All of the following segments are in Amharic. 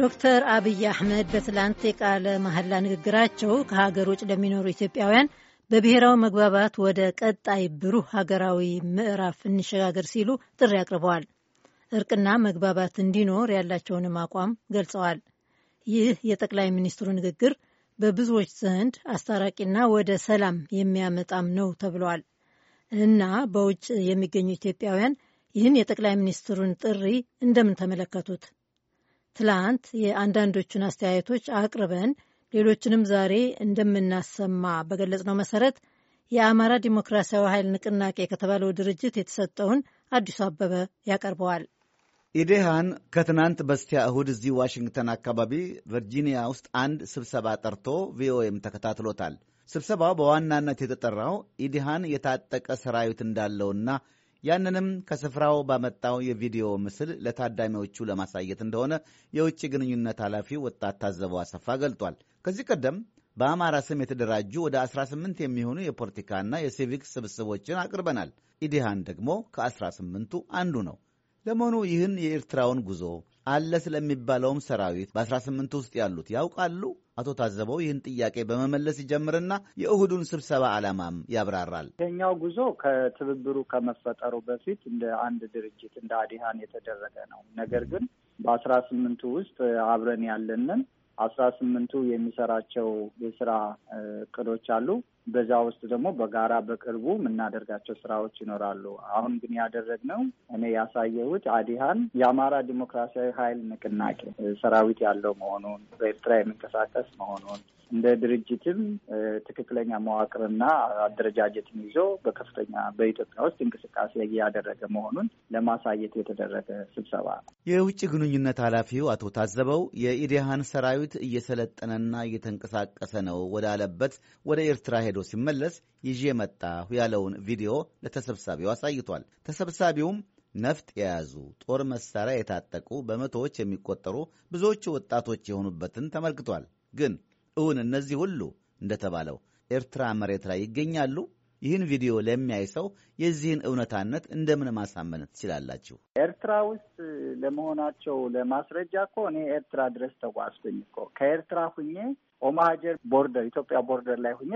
ዶክተር አብይ አህመድ በትላንት የቃለ መሐላ ንግግራቸው ከሀገር ውጭ ለሚኖሩ ኢትዮጵያውያን በብሔራዊ መግባባት ወደ ቀጣይ ብሩህ ሀገራዊ ምዕራፍ እንሸጋገር ሲሉ ጥሪ አቅርበዋል። እርቅና መግባባት እንዲኖር ያላቸውንም አቋም ገልጸዋል። ይህ የጠቅላይ ሚኒስትሩ ንግግር በብዙዎች ዘንድ አስታራቂና ወደ ሰላም የሚያመጣም ነው ተብሏል። እና በውጭ የሚገኙ ኢትዮጵያውያን ይህን የጠቅላይ ሚኒስትሩን ጥሪ እንደምን ተመለከቱት? ትላንት የአንዳንዶቹን አስተያየቶች አቅርበን ሌሎችንም ዛሬ እንደምናሰማ በገለጽነው መሰረት የአማራ ዲሞክራሲያዊ ኃይል ንቅናቄ ከተባለው ድርጅት የተሰጠውን አዲሱ አበበ ያቀርበዋል። ኢዴሃን ከትናንት በስቲያ እሁድ እዚህ ዋሽንግተን አካባቢ ቨርጂኒያ ውስጥ አንድ ስብሰባ ጠርቶ ቪኦኤም ተከታትሎታል። ስብሰባው በዋናነት የተጠራው ኢዲሃን የታጠቀ ሰራዊት እንዳለውና ያንንም ከስፍራው ባመጣው የቪዲዮ ምስል ለታዳሚዎቹ ለማሳየት እንደሆነ የውጭ ግንኙነት ኃላፊው ወጣት ታዘበው አሰፋ ገልጧል። ከዚህ ቀደም በአማራ ስም የተደራጁ ወደ 18 የሚሆኑ የፖለቲካና የሲቪክ ስብስቦችን አቅርበናል። ኢዲሃን ደግሞ ከ18ቱ አንዱ ነው። ለመሆኑ ይህን የኤርትራውን ጉዞ አለ ስለሚባለውም ሰራዊት በ18 ውስጥ ያሉት ያውቃሉ? አቶ ታዘበው ይህን ጥያቄ በመመለስ ይጀምርና የእሁዱን ስብሰባ ዓላማም ያብራራል። ይሄኛው ጉዞ ከትብብሩ ከመፈጠሩ በፊት እንደ አንድ ድርጅት እንደ አዲሃን የተደረገ ነው። ነገር ግን በአስራ ስምንቱ ውስጥ አብረን ያለንን አስራ ስምንቱ የሚሰራቸው የስራ እቅዶች አሉ። በዛ ውስጥ ደግሞ በጋራ በቅርቡ የምናደርጋቸው ስራዎች ይኖራሉ። አሁን ግን ያደረግነው እኔ ያሳየሁት አዲሃን የአማራ ዲሞክራሲያዊ ኃይል ንቅናቄ ሰራዊት ያለው መሆኑን በኤርትራ የሚንቀሳቀስ መሆኑን እንደ ድርጅትም ትክክለኛ መዋቅርና አደረጃጀትን ይዞ በከፍተኛ በኢትዮጵያ ውስጥ እንቅስቃሴ እያደረገ መሆኑን ለማሳየት የተደረገ ስብሰባ ነው። የውጭ ግንኙነት ኃላፊው አቶ ታዘበው የኢዲሃን ሰራዊት እየሰለጠነና እየተንቀሳቀሰ ነው ወዳለበት ወደ ኤርትራ ሄዶ ሲመለስ ይዤ መጣሁ ያለውን ቪዲዮ ለተሰብሳቢው አሳይቷል። ተሰብሳቢውም ነፍጥ የያዙ ጦር መሳሪያ የታጠቁ በመቶዎች የሚቆጠሩ ብዙዎቹ ወጣቶች የሆኑበትን ተመልክቷል። ግን እውን እነዚህ ሁሉ እንደተባለው ኤርትራ መሬት ላይ ይገኛሉ? ይህን ቪዲዮ ለሚያይ ሰው የዚህን እውነታነት እንደምን ማሳመን ትችላላችሁ? ኤርትራ ውስጥ ለመሆናቸው ለማስረጃ እኮ እኔ ኤርትራ ድረስ ተጓዝኩኝ እኮ ከኤርትራ ሁኜ ኦማሀጀር ቦርደር ኢትዮጵያ ቦርደር ላይ ሁኝ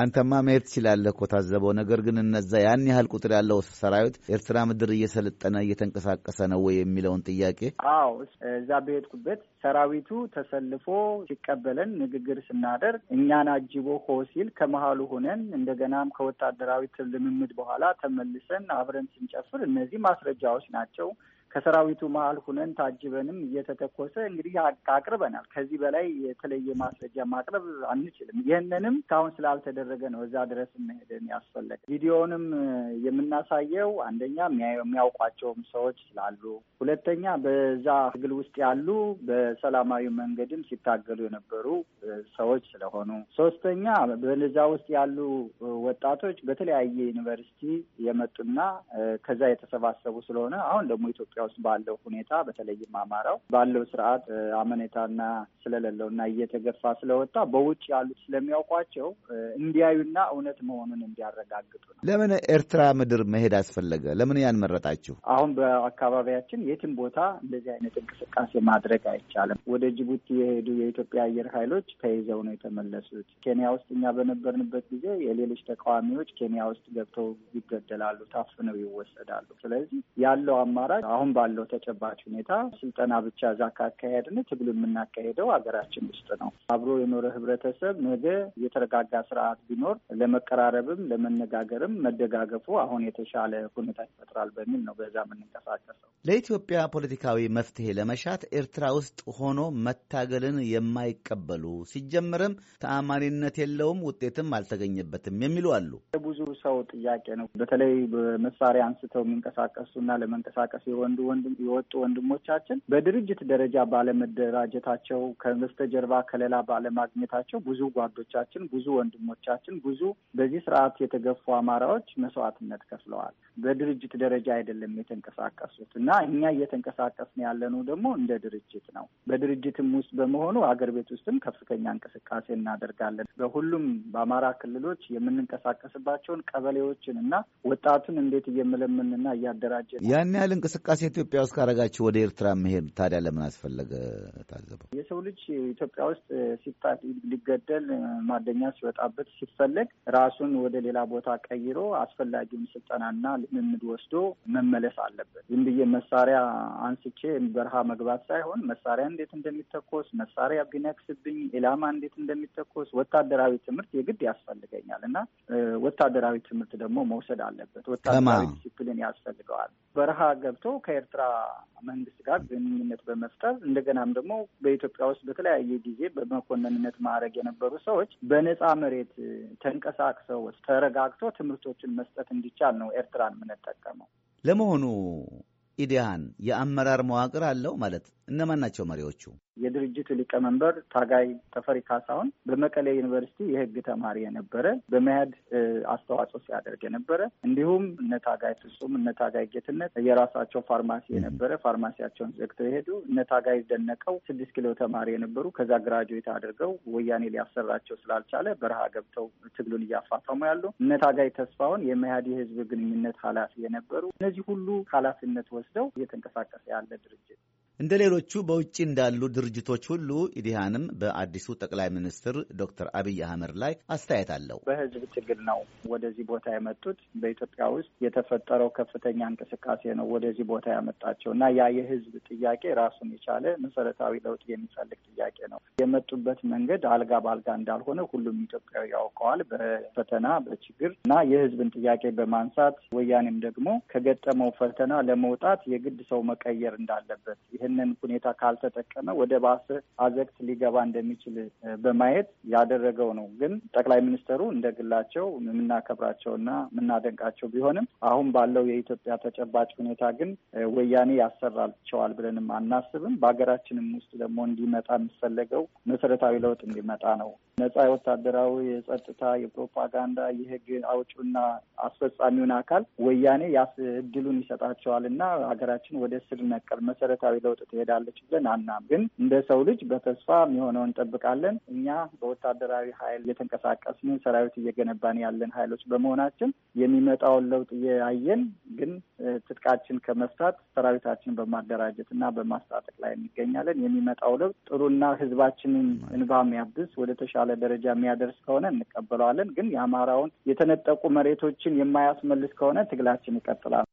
አንተማ መሄድ ትችላለህ እኮ ታዘበው። ነገር ግን እነዛ ያን ያህል ቁጥር ያለው ሰራዊት ኤርትራ ምድር እየሰለጠነ እየተንቀሳቀሰ ነው ወይ የሚለውን ጥያቄ። አዎ እዛ በሄድኩበት ሰራዊቱ ተሰልፎ ሲቀበለን ንግግር ስናደርግ እኛን አጅቦ ሆ ሲል ከመሀሉ ሆነን እንደገናም ከወታደራዊ ልምምድ በኋላ ተመልሰን አብረን ስንጨፍር እነዚህ ማስረጃዎች ናቸው። ከሰራዊቱ መሀል ሁነን ታጅበንም እየተተኮሰ እንግዲህ አቅርበናል። ከዚህ በላይ የተለየ ማስረጃ ማቅረብ አንችልም። ይህንንም እስካሁን ስላልተደረገ ነው እዛ ድረስ መሄድን ያስፈለገ። ቪዲዮንም የምናሳየው አንደኛ የሚያውቋቸውም ሰዎች ስላሉ፣ ሁለተኛ በዛ ትግል ውስጥ ያሉ በሰላማዊ መንገድም ሲታገሉ የነበሩ ሰዎች ስለሆኑ፣ ሶስተኛ በዛ ውስጥ ያሉ ወጣቶች በተለያየ ዩኒቨርሲቲ የመጡና ከዛ የተሰባሰቡ ስለሆነ አሁን ደግሞ ኢትዮጵያ ኢትዮጵያ ውስጥ ባለው ሁኔታ በተለይም አማራው ባለው ስርዓት አመኔታና ስለሌለው እና እየተገፋ ስለወጣ በውጭ ያሉት ስለሚያውቋቸው እንዲያዩና እውነት መሆኑን እንዲያረጋግጡ ነው። ለምን ኤርትራ ምድር መሄድ አስፈለገ? ለምን ያን መረጣችሁ? አሁን በአካባቢያችን የትም ቦታ እንደዚህ አይነት እንቅስቃሴ ማድረግ አይቻልም። ወደ ጅቡቲ የሄዱ የኢትዮጵያ አየር ኃይሎች ተይዘው ነው የተመለሱት። ኬንያ ውስጥ እኛ በነበርንበት ጊዜ የሌሎች ተቃዋሚዎች ኬንያ ውስጥ ገብተው ይገደላሉ፣ ታፍነው ይወሰዳሉ። ስለዚህ ያለው አማራጭ አሁን ባለው ተጨባጭ ሁኔታ ስልጠና ብቻ እዛ ካካሄድን ትግሉ የምናካሄደው ሀገራችን ውስጥ ነው። አብሮ የኖረ ህብረተሰብ ነገ የተረጋጋ ስርዓት ቢኖር ለመቀራረብም ለመነጋገርም መደጋገፉ አሁን የተሻለ ሁኔታ ይፈጥራል በሚል ነው በዛ የምንንቀሳቀሰው። ለኢትዮጵያ ፖለቲካዊ መፍትሄ ለመሻት ኤርትራ ውስጥ ሆኖ መታገልን የማይቀበሉ ሲጀምርም ተአማኒነት የለውም፣ ውጤትም አልተገኘበትም የሚሉ አሉ። ሰው ጥያቄ ነው። በተለይ በመሳሪያ አንስተው የሚንቀሳቀሱና ለመንቀሳቀስ የወንዱ ያሉ የወጡ ወንድሞቻችን በድርጅት ደረጃ ባለመደራጀታቸው ከበስተጀርባ ከሌላ ባለማግኘታቸው ብዙ ጓዶቻችን፣ ብዙ ወንድሞቻችን፣ ብዙ በዚህ ስርዓት የተገፉ አማራዎች መስዋዕትነት ከፍለዋል። በድርጅት ደረጃ አይደለም የተንቀሳቀሱት እና እኛ እየተንቀሳቀስን ያለኑ ደግሞ እንደ ድርጅት ነው። በድርጅትም ውስጥ በመሆኑ አገር ቤት ውስጥም ከፍተኛ እንቅስቃሴ እናደርጋለን። በሁሉም በአማራ ክልሎች የምንንቀሳቀስባቸውን ቀበሌዎችን እና ወጣቱን እንዴት እየመለመንና እያደራጀ ያን ያህል እንቅስቃሴ ኢትዮጵያ ውስጥ ካረጋችሁ ወደ ኤርትራ መሄድ ታዲያ ለምን አስፈለገ? ታዘበው የሰው ልጅ ኢትዮጵያ ውስጥ ሲታ ሊገደል፣ ማደኛ ሲወጣበት ሲፈለግ ራሱን ወደ ሌላ ቦታ ቀይሮ አስፈላጊውን ስልጠናና ልምምድ ወስዶ መመለስ አለበት። ዝም ብዬ መሳሪያ አንስቼ በረሃ መግባት ሳይሆን መሳሪያ እንዴት እንደሚተኮስ መሳሪያ ቢነክስብኝ ኢላማ እንዴት እንደሚተኮስ ወታደራዊ ትምህርት የግድ ያስፈልገኛል እና ወታደራዊ ትምህርት ደግሞ መውሰድ አለበት። ወታደራዊ ዲስፕሊን ያስፈልገዋል። በረሃ ገብቶ ከ ከኤርትራ መንግስት ጋር ግንኙነት በመፍጠር እንደገናም ደግሞ በኢትዮጵያ ውስጥ በተለያየ ጊዜ በመኮንንነት ማዕረግ የነበሩ ሰዎች በነፃ መሬት ተንቀሳቅሰው ተረጋግቶ ትምህርቶችን መስጠት እንዲቻል ነው ኤርትራን የምንጠቀመው። ለመሆኑ ኢዲያን የአመራር መዋቅር አለው ማለት እነማን ናቸው መሪዎቹ? የድርጅቱ ሊቀመንበር ታጋይ ተፈሪ ካሳሁን በመቀሌ ዩኒቨርሲቲ የሕግ ተማሪ የነበረ በመያድ አስተዋጽኦ ሲያደርግ የነበረ እንዲሁም እነ ታጋይ ፍጹም እነ ታጋይ ጌትነት የራሳቸው ፋርማሲ የነበረ ፋርማሲያቸውን ዘግተው የሄዱ እነ ታጋይ ደነቀው ስድስት ኪሎ ተማሪ የነበሩ ከዛ ግራጁዌት አድርገው ወያኔ ሊያሰራቸው ስላልቻለ በረሃ ገብተው ትግሉን እያፋፈሙ ያሉ እነ ታጋይ ተስፋውን የመያድ የሕዝብ ግንኙነት ኃላፊ የነበሩ እነዚህ ሁሉ ኃላፊነት ወስደው እየተንቀሳቀሰ ያለ ድርጅት እንደ ሌሎቹ በውጭ እንዳሉ ድርጅቶች ሁሉ ኢዲሃንም በአዲሱ ጠቅላይ ሚኒስትር ዶክተር አብይ አህመድ ላይ አስተያየት አለው። በህዝብ ትግል ነው ወደዚህ ቦታ የመጡት። በኢትዮጵያ ውስጥ የተፈጠረው ከፍተኛ እንቅስቃሴ ነው ወደዚህ ቦታ ያመጣቸው እና ያ የህዝብ ጥያቄ ራሱን የቻለ መሰረታዊ ለውጥ የሚፈልግ ጥያቄ ነው። የመጡበት መንገድ አልጋ በአልጋ እንዳልሆነ ሁሉም ኢትዮጵያዊ ያውቀዋል። በፈተና በችግር እና የህዝብን ጥያቄ በማንሳት ወያኔም ደግሞ ከገጠመው ፈተና ለመውጣት የግድ ሰው መቀየር እንዳለበት ይህን ይህንን ሁኔታ ካልተጠቀመ ወደ ባሰ አዘቅት ሊገባ እንደሚችል በማየት ያደረገው ነው። ግን ጠቅላይ ሚኒስትሩ እንደ ግላቸው የምናከብራቸውና የምናደንቃቸው ቢሆንም አሁን ባለው የኢትዮጵያ ተጨባጭ ሁኔታ ግን ወያኔ ያሰራቸዋል ብለንም አናስብም። በሀገራችንም ውስጥ ደግሞ እንዲመጣ የሚፈለገው መሰረታዊ ለውጥ እንዲመጣ ነው። ነጻ የወታደራዊ የጸጥታ፣ የፕሮፓጋንዳ፣ የህግ አውጪውና አስፈጻሚውን አካል ወያኔ ያስ እድሉን ይሰጣቸዋል እና ሀገራችን ወደ ስር ነቀል መሰረታዊ ለውጥ ለውጥ ትሄዳለች ብለን አናም። ግን እንደ ሰው ልጅ በተስፋ የሚሆነው እንጠብቃለን። እኛ በወታደራዊ ኃይል እየተንቀሳቀስን ሰራዊት እየገነባን ያለን ኃይሎች በመሆናችን የሚመጣውን ለውጥ እያየን ግን ትጥቃችን ከመፍታት ሰራዊታችን በማደራጀት እና በማስታጠቅ ላይ እንገኛለን። የሚመጣው ለውጥ ጥሩና ህዝባችንን እንባ የሚያብስ ወደ ተሻለ ደረጃ የሚያደርስ ከሆነ እንቀበለዋለን። ግን የአማራውን የተነጠቁ መሬቶችን የማያስመልስ ከሆነ ትግላችን ይቀጥላል።